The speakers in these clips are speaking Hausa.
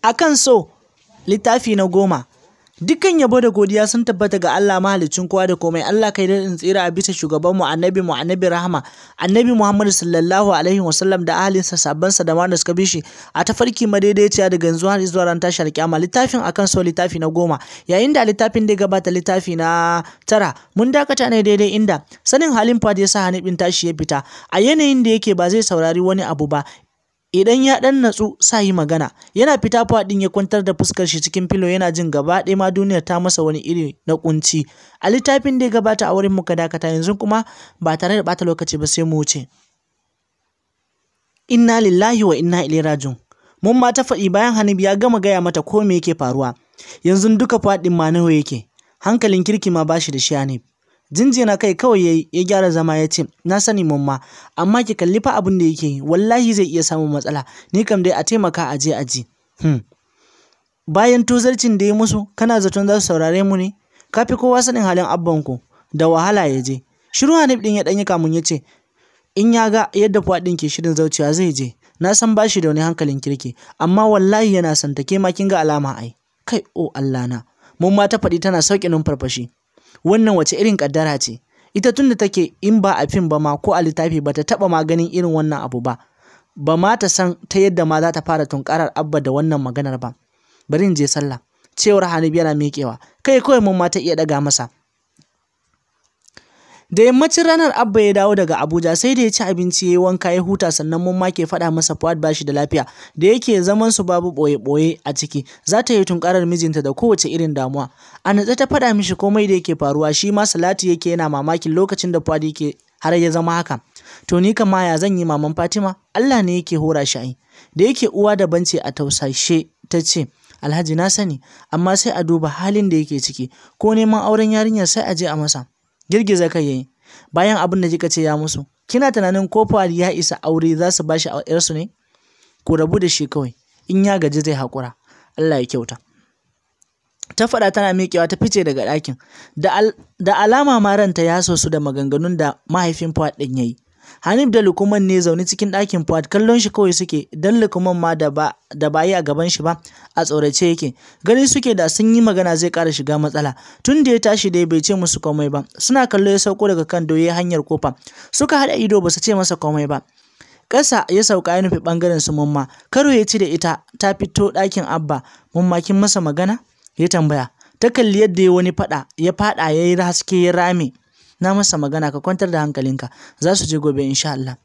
Akan so, littafi na goma. Dukkan yabo da godiya sun tabbata ga Allah mahaliccin kowa da komai Allah kai daɗin tsira a bisa shugaban mu annabi mu annabi rahama annabi Muhammadu sallallahu alaihi wasallam da ahalinsa sa da da suka bishi a tafarki madaidaiciya daga yanzu har zuwa ran tashar kiyama littafin akan so littafi na goma yayin da littafin da gabata littafi na tara mun dakata ne daidai inda sanin halin fadi ya sa hanibin tashi ya fita a yanayin da yake ba zai saurari wani abu ba idan ya ɗan natsu sa yi magana yana fita faɗin ya kwantar da fuskar shi cikin filo yana jin gaba ɗaya ma duniyar ta masa wani iri na kunci a littafin da ya gabata a wurin muka dakata yanzu kuma ba tare da ɓata lokaci ba sai mu wuce inna lillahi wa inna ilaihi rajiun mun ma ta faɗi bayan hanibi ya gama gaya mata ko me yake faruwa yanzu duka faɗin ma nawa yake hankalin kirki ma bashi da shi hanibi jinjina kai kawai ya yi ya gyara zama ya ce na sani mamma amma ki kalli fa abin da yake yi wallahi zai iya samun matsala ni kam dai a taimaka a je a ji hmm. bayan tuzarcin da ya musu kana zaton za su saurare mu ne ka fi kowa sanin halin abbanku da wahala ya je shiru hanif din ya danyi kamun ya ce in ya ga yadda faɗin ke shirin zaucewa, zai je na san bashi da wani hankalin kirki amma wallahi yana santa ke ma kin ga alama ai kai o oh Allah na mun ta faɗi tana sauƙi numfarfashi wannan wace irin kaddara ce ita tunda take in ba a fim ba ma ko a littafi ba ta taba maganin irin wannan abu ba ba ma ta san ta yadda ma za ta fara tunkarar abba da wannan maganar ba bari in je sallah cewar biyar yana miƙewa kai kawai mun ma ta iya daga masa Da yammacin ranar Abba ya dawo daga Abuja sai da ya ci abinci ya yi wanka ya huta sannan mun ke faɗa masa Fuad ba shi da lafiya da yake zaman su babu ɓoye-ɓoye a ciki za ta yi tunkarar mijinta da kowace irin damuwa. A natsa ta faɗa mishi komai da yake faruwa shi ma Salatu yake yana mamakin lokacin da Fuad yake har ya zama haka. To ni kama ya zan yi maman Fatima Allah ne yake hora shi ai. Da yake uwa da ce a tausashe ta ce Alhaji na sani amma sai a duba halin da yake ciki ko neman auren yarinyar sai a je a masa. girgiza kai yayi bayan abin da kika ce ya musu kina tunanin ko Fuad ya isa aure za su bashi yarsu ne ku rabu da shi kawai in ya gaji zai haƙura Allah ya kyauta ta faɗa tana miƙewa ta fice daga ɗakin da alama ma ranta ya so su da maganganun da mahaifin Fuad ɗin ya yi Hanif da lukman ne zaune cikin ɗakin Fuad kallon shi kawai suke dan Lukuman ma da ba da ba yi a gaban shi ba a tsorace yake gani suke da sun yi magana zai ƙara shiga matsala tun da ya tashi dai bai ce musu komai ba suna kallo ya sauko daga kan doye hanyar kofa suka haɗa ido ba su ce masa komai ba ƙasa ya sauka ya nufi ɓangaren su mumma karo ya ci da ita ta fito ɗakin abba mumma masa magana ya tambaya ta kalli yadda ya wani faɗa ya faɗa ya yi haske ya rame na masa magana ka kwantar da hankalinka za su je gobe insha Allah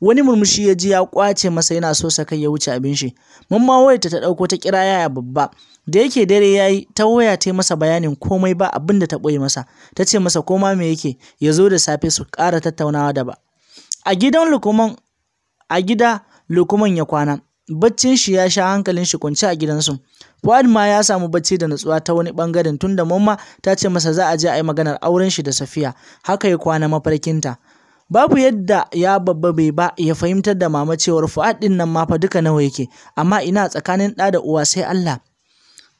wani murmushi ya ji ya kwace masa yana so sa kai ya wuce abin shi ma wayarta ta dauko ta kira yaya babba da yake dare yayi ta waya ta masa bayanin komai ba abin da ta boye masa ta ce masa koma me yake ya zo da safe su ƙara tattaunawa da ba a gidan lukuman a gida lukuman ya kwana baccin shi ya sha hankalin shi kwance a gidansu Fuad ma ya samu bacci da natsuwa ta wani bangaren tunda Mamma ta ce masa za a je a yi maganar auren shi da Safiya, haka ya kwana mafarkinta. Babu yadda ya babba bai ba ya fahimtar da mama cewar Fuad din nan ma fa duka nawa yake, amma ina tsakanin ɗa da uwa sai Allah.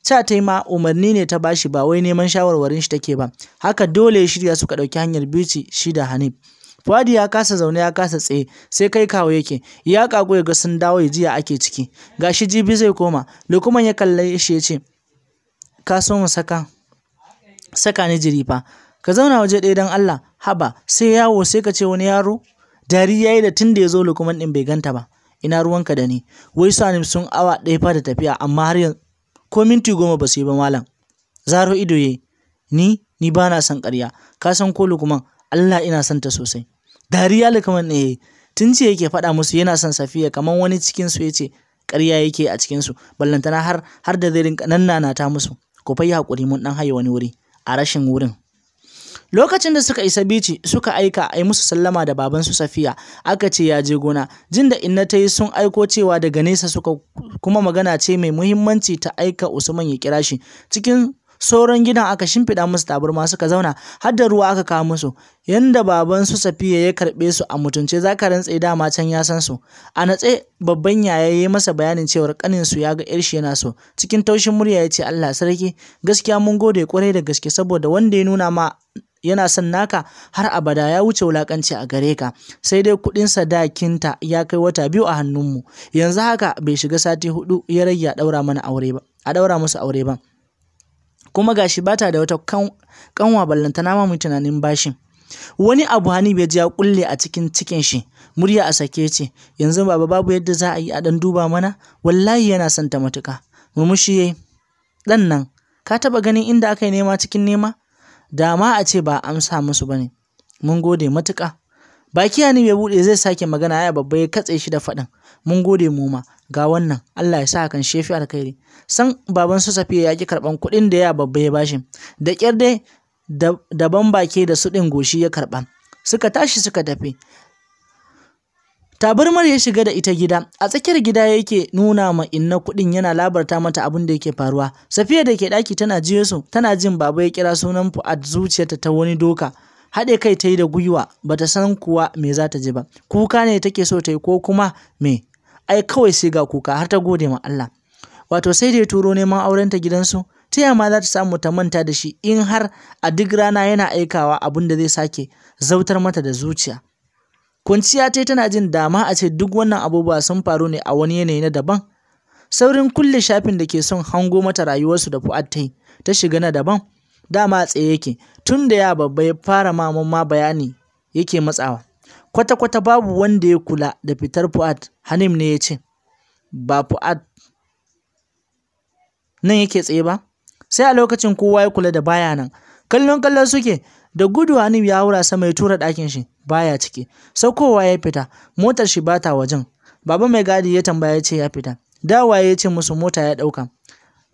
Ca ta ma umarni ne ta bashi ba wai neman shawarwarin shi take ba, haka dole ya shirya suka ɗauki hanyar bici shi da Hanif. fadi ya kasa zaune ya kasa tsaye sai kai kawo yake ya kago ya ga sun dawo ya jiya ake ciki gashi jibi zai koma Lukman ya kalle shi ya ce ka so mu saka saka ni jiri ka zauna waje ɗaya dan Allah haba sai yawo sai ka ce wani yaro dari yayi da tun da ya zo Lukman din bai ganta ba ina ruwanka da ni wai sanim sun awa ɗaya fa da tafiya amma har yanzu ko minti goma ba su yi ba malam zaro ido ye ni ni bana na son ƙarya ka san ko lukuman Allah ina santa sosai dariya kamar ne eh, tun ce yake faɗa musu yana son safiya kamar wani cikin su yace ƙarya yake a cikin su ballantana har har da zai rinka nannana ta musu ku fa hakuri mun dan haye wani wuri a rashin wurin lokacin da suka isa bici suka aika ai musu sallama da baban su safiya aka ce ya je gona jin da inna ta yi sun aiko cewa daga nesa suka kuma magana ce mai muhimmanci ta aika usman ya kira shi cikin sauran gidan aka shimfiɗa musu tabarma suka zauna har da ruwa aka kawo musu yanda baban su safiya ya karɓe su a mutunce za ka rantse dama can ya san su a natse babban yaya ya masa bayanin cewar kanin su ya ga yar shi yana so cikin taushin murya ya ce Allah sarki gaskiya mun gode kwarai da gaske saboda wanda ya nuna ma yana son naka har abada ya wuce wulakanci a gare ka sai dai kuɗin sadakinta ya kai wata biyu a hannunmu yanzu haka bai shiga sati hudu ya rage a daura mana aure ba a ɗaura musu aure ba kuma gashi bata da wata kanwa ballantana ma mun tunanin bashin wani abu hanib ya ji ya kulle a cikin cikin shi murya a sake ce yanzu baba babu yadda za a yi a dan duba mana wallahi yana son ta matuka murmushi yayi dan nan ka taba ganin inda aka yi nema cikin nema dama ma a ce ba amsa musu bane mun gode matuka baki hanib ya bude zai sake magana ya babba ya katse shi da faɗin mun gode mu ma ga wannan Allah ya sa kan shefi alkhairi san baban su safiya ya ki karban kuɗin da ya babba ya bashi da kyar dai daban bake da su ɗin goshi ya karɓa suka tashi suka tafi tabarmar ya shiga da ita gida a tsakiyar gida yake nuna ma inna kuɗin yana labarta mata abin da yake faruwa safiya da ke ɗaki tana jiyo su tana jin baba ya kira sunan fu'ad zuciyarta ta wani doka haɗe kai ta yi da gwiwa bata san kuwa me za ta ji ba kuka ne take so ta yi ko kuma me ai kawai sai ga kuka har ta gode ma Allah wato sai da ya turo neman aurenta gidansu ta yama za ta samu ta manta da shi in har a duk rana yana aikawa abin da zai sake zautar mata da zuciya kunciya ta tana jin dama a ce duk wannan abubuwa sun faru ne a wani yanayi na daban saurin kulle shafin da ke son hango mata rayuwarsu da fu'ad ta ta shiga na daban dama tsaye yake tun da ya babba ya fara mamun ma bayani yake matsawa kwata-kwata babu wanda ya kula da fitar Fuad, Hanim ne ya ce, ba Fuad nan yake tsaye ba, sai a lokacin kowa ya kula da baya nan, kallon kallon suke da gudu Hanim ya haura sama ya tura ɗakin shi baya ciki, saukowa ya fita, motar shi bata wajen, baba mai gadi ya tambaya ya ce ya fita, dawa ya ce musu mota ya ɗauka,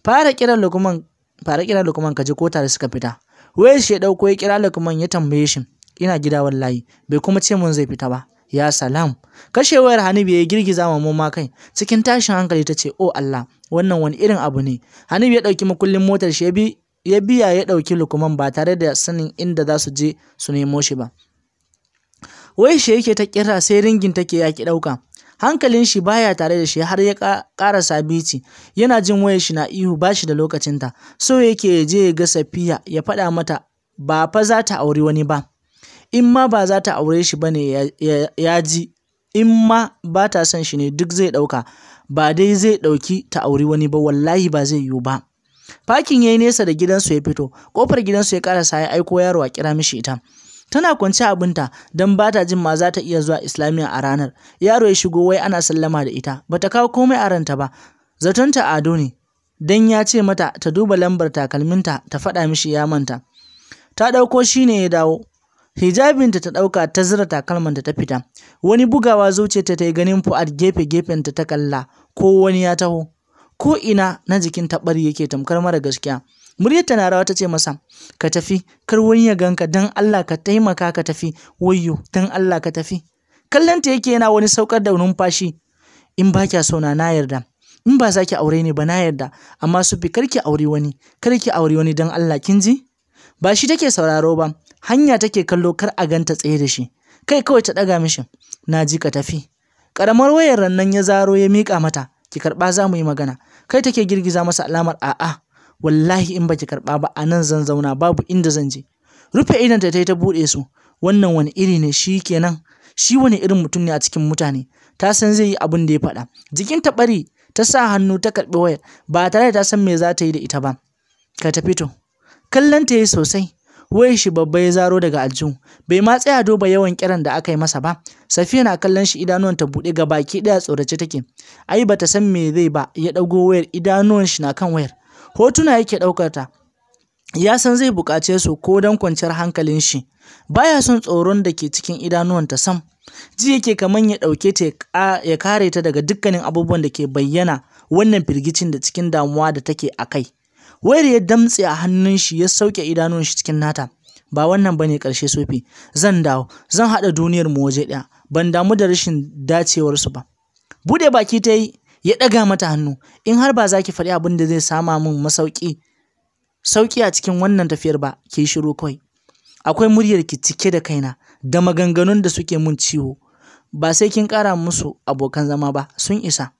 fara kiran lukuman fara kiran lukuman kaji ko tare suka fita, wai shi ya ɗauko ya kira lukuman ya tambaye shi. yana gida wallahi bai kuma ce mun zai fita ba ya salam kashe hanibi ya girgiza ma kai cikin tashin hankali ta ce o oh Allah wannan wani irin abu ne hanibi ya ɗauki makullin motar shi ya bi ya biya ya dauki lukuman ba tare da sanin inda za su je su nemo shi ba wai shi yake ta kira sai ringin take ya ki ɗauka hankalin shi baya tare da shi har ya kara sabici yana jin wayar shi na ihu bashi shi da lokacinta so yake je ya ga safiya ya faɗa mata ba fa za ta auri wani ba in ma ba za ta aure shi ba ne ya ji, in ma ba ta son shi ne duk zai ɗauka, ba dai zai ɗauki ta auri wani ba wallahi ba zai yiwu ba. Fakin ya yi nesa da gidansu ya fito, ƙofar gidansu ya ƙarasa ya aiko yaro a kira mishi ita. Tana kwance abinta don ba ta jin ma za ta iya zuwa Islamiyya a ranar. Yaro ya shigo wai ana sallama da ita, ba ta kawo komai a ranta ba. ta ado ne, dan ya ce mata ta duba lambar takalminta ta faɗa mishi ya manta. Ta ɗauko shi ne ya dawo, hijabinta ta ɗauka ta zira takalmanta ta fita wani bugawa zuciyarta ta yi ganin fu'ad gefe gefenta ta kalla ko wani ya taho ko ina na jikin taɓar yake tamkar mara gaskiya muryar ta rawa ta ce masa ka tafi kar wani ya ganka dan Allah ka taimaka ka tafi wayyo dan Allah ka tafi kallanta yake yana wani saukar da numfashi in ba kya so na yarda in ba za ki aure ni ba na yarda amma su fi karki aure wani karki aure wani dan Allah kin ji ba shi take sauraro ba hanya take kallo kar a ganta tsaye da shi kai kawai ta ɗaga mishi na ji ka tafi ƙaramar wayar rannan ya zaro ya mika mata ki karɓa za mu yi magana kai take girgiza masa alamar a'a wallahi in baki karɓa ba a nan zan zauna babu inda zan je rufe idanta ta yi ta buɗe su wannan wani iri ne shi kenan shi wani irin mutum ne a cikin mutane ta san zai yi abin da ya faɗa jikin ta ɓari ta sa hannu ta karɓi wayar ba tare da ta san me za ta yi da ita ba ka tafi to kallon ta yi sosai wai shi babba ya zaro daga aljihu bai ma tsaya duba yawan kiran da aka yi masa ba safiya na kallon shi idanuwan ta buɗe ga baki ɗaya tsorace take ai bata san me zai ba ya ɗago wayar idanuwan shi na kan wayar hotuna yake ɗaukar ta ya san zai buƙace su ko don kwanciyar hankalin shi baya son tsoron da ke cikin idanuwan ta sam ji yake kaman ya ɗauke ta ya kare ta daga dukkanin abubuwan da ke bayyana wannan firgicin da cikin damuwa da take a kai wai da ya damtse a hannun shi ya sauke idanun shi cikin nata ba wannan bane karshe sufi zan dawo zan haɗa duniyar mu waje ɗaya ban damu da rashin dacewar su ba bude baki ta yi ya ɗaga mata hannu in har ba za ki faɗi abin da zai sama mun masauki sauki a cikin wannan tafiyar ba ki shiru kawai akwai muryar ki cike da kaina da maganganun da suke mun ciwo ba sai kin ƙara musu abokan zama ba sun isa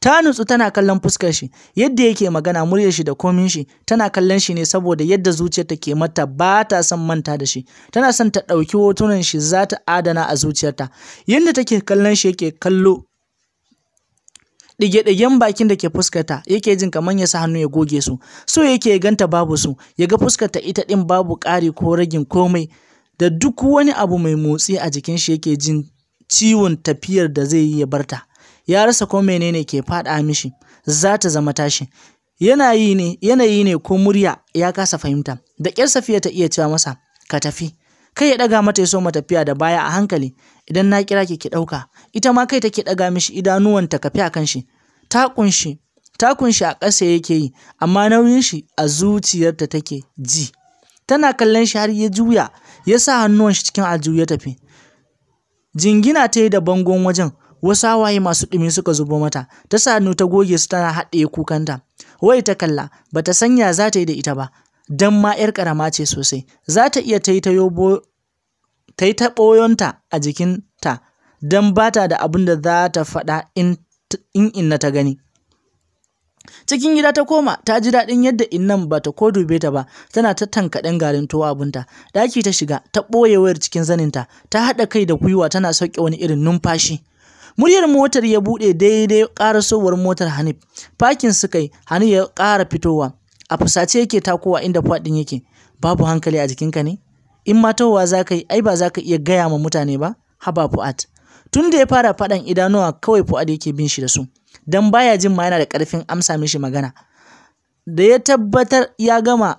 ta nutsu tana kallon fuskar shi yadda yake magana muryar shi da komin shi tana kallon shi ne saboda yadda zuciyarta ke mata ba ta son manta da shi tana son ta ɗauki hotunan shi za ta adana a zuciyarta yadda take kallon shi yake kallo ɗige-ɗigen bakin da ke fuskarta yake jin kamar ya sa hannu ya goge su so yake ganta babu su ya ga fuskarta ita ɗin babu ƙari ko ragin komai da duk wani abu mai motsi a jikin shi yake jin ciwon tafiyar da zai yi ya barta ya rasa ko menene ke faɗa mishi za ta zama tashi yanayi ne yanayi ne ko murya ya kasa fahimta da ƙyar safiya ta iya cewa masa ka tafi kai ya ɗaga mata ya so tafiya. da baya a hankali idan na kira ki ki ɗauka ita ma kai take ɗaga mishi idanuwan ta kafi a kan shi ta kunshi ta kunshi a ƙasa yake yi amma nauyin shi a zuciyarta take ji tana kallon shi har ya juya ya sa hannuwan shi cikin aljihu ya tafi jingina tayi da bangon wajen wasu hawaye masu ɗumi suka zubo mata ta sanu ta goge su tana haɗe kukanta wai ta kalla bata sanya za ta yi da ita ba dan ma yar karama ce sosai za ta iya ta yi ta yobo ta yi ta ɓoyonta a jikinta don ba ta da abin da za ta faɗa in inna ta gani cikin gida ta koma ta ji daɗin yadda innan ba ta ko dube ta ba tana ta tankaɗen garin tuwo abinta ɗaki ta shiga ta ɓoye wayar cikin zaninta ta haɗa kai da gwiwa tana sauke wani irin numfashi muryar motar ya buɗe daidai sowar motar hanif fakin su kai hanif ya kara fitowa a fusace yake takowa inda faɗin yake babu hankali a jikinka ne in ma za ka yi ai ba za ka iya gaya ma mutane ba haba fu'ad tun da ya fara faɗan idanuwa kawai fu'ad yake bin shi da su dan baya jin ma yana da karfin amsa mishi magana da ya tabbatar ya gama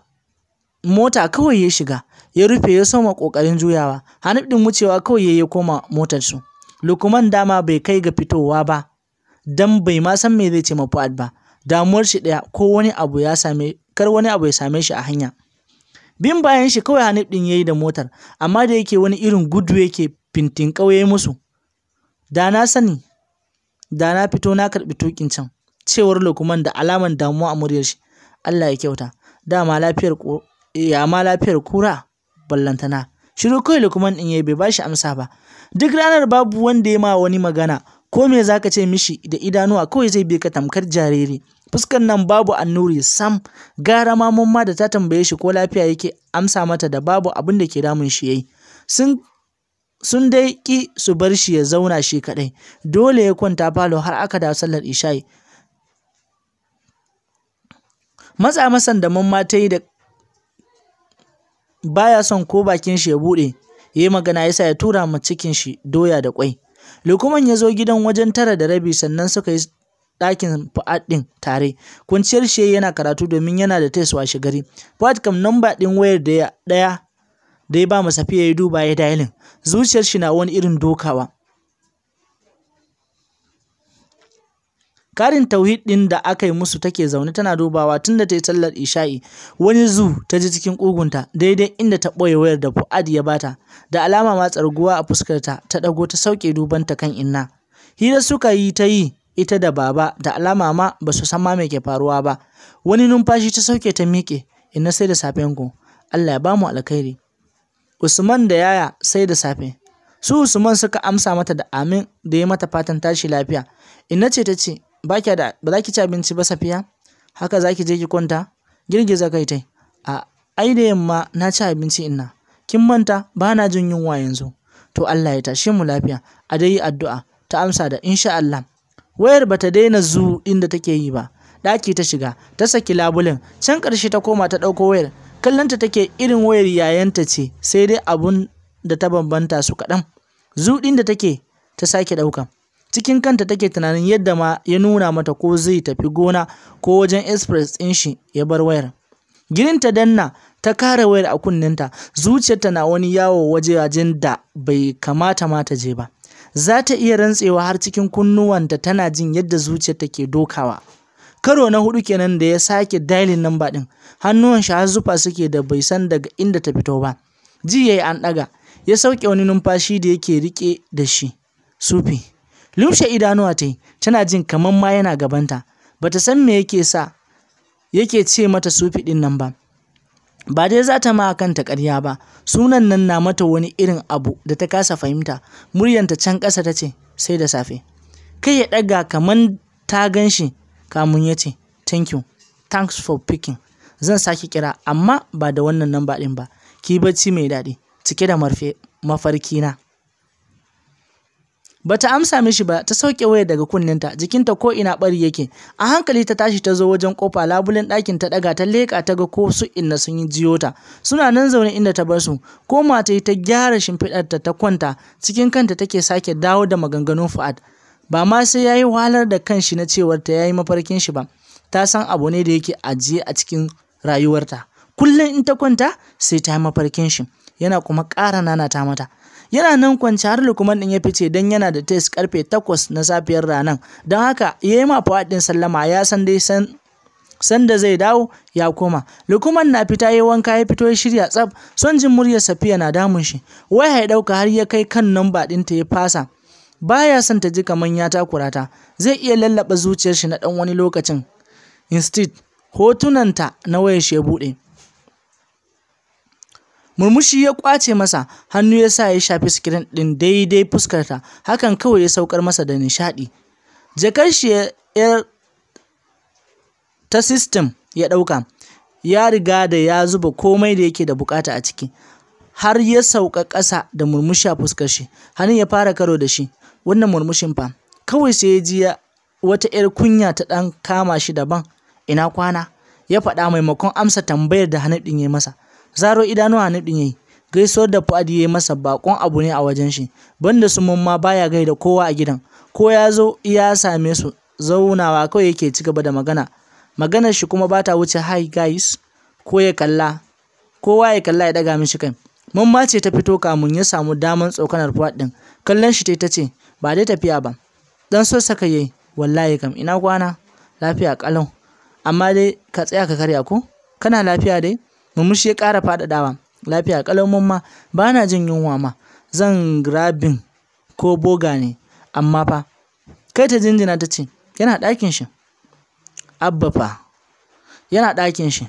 mota kawai ya shiga ya rufe ya soma ƙoƙarin juyawa hanif ɗin wucewa kawai ya koma motarsu Lukman dama bai kai ga fitowa ba, don bai ma san me zai ce ma Fuad ba, damuwar shi ɗaya ko wani abu ya same kar wani abu ya same shi a hanya. Bin bayan shi kawai Hanif ɗin ya yi da motar, amma da yake wani irin gudu yake fintin ƙauye musu. Da na sani, da fito na karɓi tukin can, cewar Lukman da alaman damuwa a muryar shi. Allah ya kyauta, dama lafiyar ya ma lafiyar kura ballantana. Shiru kawai Lukman ɗin ya bai ba shi amsa ba. Duk ranar babu wanda ya ma wani magana, ko me za ka ce mishi da idanuwa kawai zai bi ka tamkar jariri. Fuskar nan babu annuri sam, gara ma mamma da ta tambaye shi ko lafiya yake amsa mata da babu abin da ke damun shi yayi. Sun sun dai ƙi su bar shi ya zauna shi kaɗai, dole ya kwanta falo har aka da sallar isha'i. Matsa masan da mamma ta yi da baya son ko bakin shi ya bude, yayi magana ya sa ya tura ma shi doya da kwai. lukuman ya zo gidan wajen tara da rabi sannan suka yi ɗakin fa'ad ɗin tare. Kwanciyar shi yana karatu domin yana da taiswa shi gari. fa'ad kam namba ɗin wayar da ɗaya da ya ba mu safiya ya duba ya dailin. Zuciyar shi na wani irin dokawa. Karin tauhid ɗin da aka yi musu take zaune tana dubawa tun da ta yi sallar isha'i wani zu ta ji cikin ƙugunta daidai inda ta ɓoye wayar da Fu'ad ya bata da alama ma tsarguwa a fuskarta ta ɗago ta sauke duban ta kan inna. Hira suka yi ta yi ita da baba da alama ma ba su san ma me ke faruwa ba. Wani numfashi ta sauke ta miƙe inna sai da safen ku. Allah ya bamu alkhairi. Usman da yaya sai da safe. Su Usman suka amsa mata da amin da ya mata fatan tashi lafiya. Inna ce ta ce, ba kya da ba za ki ci abinci ba safiya haka za ki je ki kwanta girgiza kai tai a ai da yamma na ci abinci ina kin manta ba na jin yunwa yanzu to Allah ya tashe mu lafiya a dai addu'a ta amsa da insha Allah wayar ta daina zu inda take yi ba ɗaki ta shiga ta saki labulin can ƙarshe ta koma ta ɗauko wayar kallonta take irin wayar yayanta ce sai dai abun da ta bambanta su kaɗan zuɗin da take ta sake ɗauka cikin kanta take tunanin yadda ma ya nuna mata ko zai tafi gona ko wajen express ɗin shi ya bar wayar Girinta danna ta kare wayar a kunninta zuciyarta na wani yawo waje wajen da bai kamata ma ta je ba za ta iya rantsewa har cikin kunnuwanta tana jin yadda zuciyarta ke dokawa karo na hudu kenan da ya sake dailin namba din hannuwan shi har zufa suke da bai san daga inda ta fito ba ji yayi an daga ya sauke wani numfashi da yake rike da shi sufi lumshe idanuwa ta tana jin kamar ma yana gabanta. Ba ta san me yake sa yake ce mata sufi ɗin nan ba. Ba dai za ta ma kanta ƙarya ba, sunan nan na mata wani irin abu da ta kasa fahimta. Muryanta can ƙasa ta ce, sai da safe. Kai ya ɗaga kamar ta ganshi kamun ya ce, thank you, thanks for picking. Zan sake kira, amma ba da wannan namba ɗin ba. Ki bacci mai daɗi, cike da mafarki na. bata amsa mishi ba ta sauke waya daga kunninta jikinta ko ina bari yake a hankali ta tashi ta zo wajen kofa labulen ɗakin ta ɗaga ta leƙa ta ga ko su inna sun yi jiyota suna nan zaune inda ta bar su ko mata ta gyara shimfiɗarta ta kwanta cikin kanta take sake dawo da maganganun fa'ad. ba ma sai yayi wahalar da kanshi na cewar ta yayi mafarkin shi ba ta san abu ne da yake ajiye a cikin rayuwarta kullum in ta kwanta sai ta yi mafarkin shi yana kuma ƙara nanata mata Yana nan kwance har Lukman din ya fice dan yana da test karfe 8 na safiyar ranan. Don haka yi ma Fawad din sallama ya san dai san sanda zai dawo ya koma lukuman na fita yi wanka ya fito ya shirya tsaf son jin muryar safiya na damun shi wai ya dauka har ya kai kan namba ta ya fasa baya son ta ji kaman ya takura ta zai iya lallaba zuciyar shi na dan wani lokacin instead hotunanta na wayar shi ya bude Murmushi ya kwace masa, hannu ya sa ya shafi sikirin ɗin daidai fuskarta, hakan kawai ya saukar masa da nishaɗi. Jakar shi ya ta system ya ɗauka, ya riga da ya zuba komai da yake da bukata a ciki, har ya sauka ƙasa da murmushi a fuskar shi, hannun ya fara karo da shi, wannan murmushin fa, kawai sai ya ji wata 'yar kunya ta ɗan kama shi daban, ina kwana, ya faɗa maimakon amsa tambayar da hannun ɗin ya masa. zaro idanuwa Hanif ɗin yayi gaisuwar da fuadi yayi masa bakon abu ne a wajen shi banda su ma baya gaida kowa a gidan ko ya zo ya same su zaunawa kawai yake ci gaba da magana maganar shi kuma bata wuce hi guys ko ya kalla kowa ya kalla ya daga mishi kai ma ce ta fito kamun ya samu daman tsokanar Fuad din kallon shi tai tace ba dai tafiya ba dan so saka yayi wallahi kam ina kwana lafiya kalau amma dai ka tsaya ka karya ko kana lafiya dai Murmushi ya ƙara faɗaɗawa. Lafiya ƙalau mamma, ba na jin yunwa ma. Zan grabin ko boga ne, amma fa. Kai ta jinjina ta ce, yana ɗakin shi. Abba fa, yana ɗakin shi.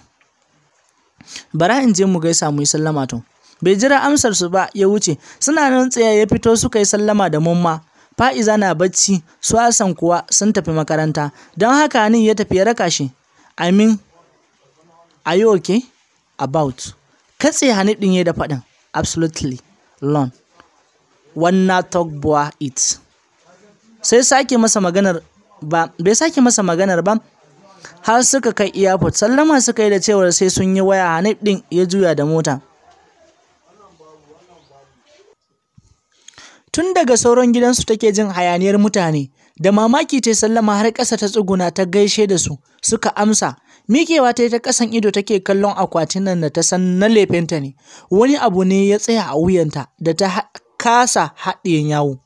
Bara in je mu gaisa mu yi sallama to. Bai jira amsar su ba ya wuce, suna nan tsaye ya fito suka yi sallama da mamma. Fa'iza na bacci, su kuwa sun tafi makaranta, don haka nin ya tafi ya raka shi. Amin, a yi okay? about katse hane din ya da faɗin absolutely lon wanna talk boy it sai sake masa maganar ba bai sake masa maganar ba har suka kai airport sallama suka yi da cewar sai sun yi waya hane din ya juya da mota tun daga sauran gidansu take jin hayaniyar mutane Da mamaki ta sallama har ƙasa ta tsuguna ta gaishe da su, suka amsa, miƙewa ta yi ta ƙasan ido take kallon akwatin nan da ta san na lefenta ne, wani abu ne ya tsaya a wuyanta da ta kasa haɗiyan yawo.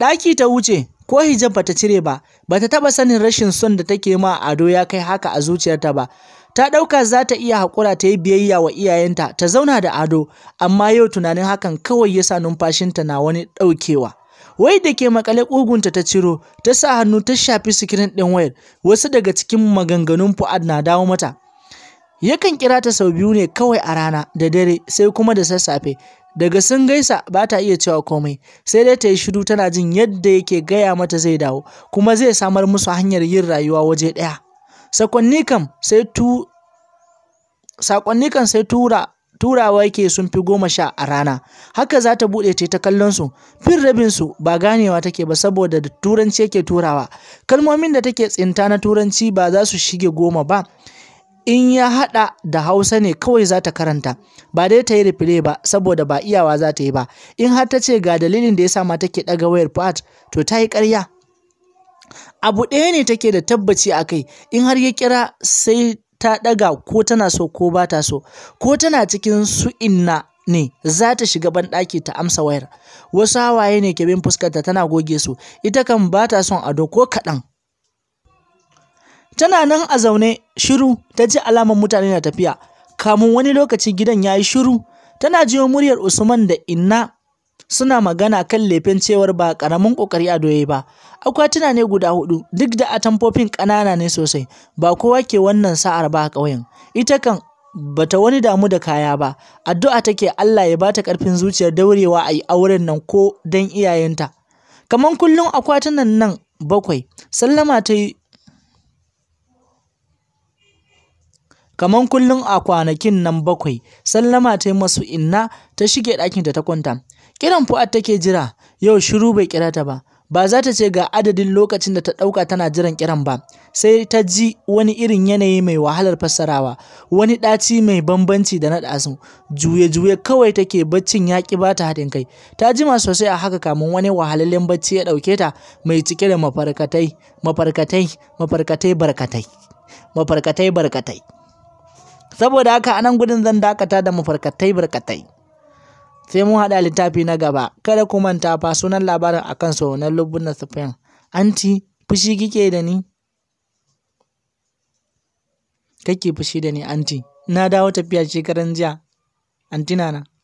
Ɗaki ta wuce, ko hijab bata cire ba, bata taɓa sanin rashin son da take ma ado ya kai haka a zuciyarta ba, ta ɗauka za ta iya haƙura ta yi biyayya wa iyayenta ta zauna da ado amma yau tunanin hakan kawai ya sa numfashinta na wani ɗaukewa wai da ke makale ƙugunta ta ciro ta sa hannu ta shafi sikirin ɗin wayar wasu daga cikin maganganun fu'ad na dawo mata yakan kira ta sau biyu ne kawai a rana da dare sai kuma da sassafe daga sun gaisa ba ta iya cewa komai sai dai ta yi shiru tana jin yadda yake gaya mata zai dawo kuma zai samar musu hanyar yin rayuwa waje ɗaya sakonni kam sai tu sakonni kan sai tura turawa yake sun fi goma sha a rana haka za ta buɗe ta kallon su fin rabin su ba ganewa take ba saboda da turanci yake turawa kalmomin da take tsinta na turanci ba za su shige goma ba in ya haɗa da hausa ne kawai za ta karanta ba dai ta yi rifire ba saboda ba iyawa za ta yi ba in har ta ce ga dalilin da ya sa ma take ɗaga wayar fat to ta yi ƙarya abu ɗaya ne take da tabbaci a kai in har ya kira sai ta ɗaga ko tana so ko ba ta so ko tana cikin su inna ne za ta shiga banɗaki ta amsa wayar wasu hawaye ne kebin bin fuskarta tana goge su ita kan ba ta son ado ko kaɗan tana nan a zaune shiru ta ji alamar mutane na tafiya kamun wani lokaci gidan ya yi shiru tana jiyo muryar usman da inna suna magana kan lefen cewar ba ƙaramin ƙoƙari a ya ba. Akwatuna ne guda hudu duk da atamfofin ƙanana ne sosai, ba kowa ke wannan sa'ar ba a ƙauyen. Ita kan bata wani damu da kaya ba, addu'a take Allah ya bata ƙarfin zuciyar daurewa a yi auren nan ko dan iyayenta. Kaman kullum akwatunan nan bakwai, sallama ta yi kaman kullum a kwanakin nan bakwai sallama ta masu inna ta shige ɗakin da ta kwanta Kiran Fuad take jira, yau shiru bai kira ta ba. Ba za ta ce ga adadin lokacin da ta ɗauka tana jiran kiran ba, sai ta ji wani irin yanayi mai wahalar fassarawa, wani ɗaci mai bambanci da na ɗasin, juye-juye kawai take baccin ya ƙi ba ta haɗin kai. Ta jima sosai a haka kamun wani wahalallen bacci ya ɗauke ta mai cike da mafarkatai, mafarkatai, mafarkatai barkatai, mafarkatai barkatai. Saboda haka anan gudun zan dakata da mafarkatai barkatai. sai mun haɗa littafi na gaba kada ku manta fa sunan labarin akan saunan lubunan spain anti fushi kike da ni kake fushi da ni anti na dawo tafiya shekaran jiya anti nana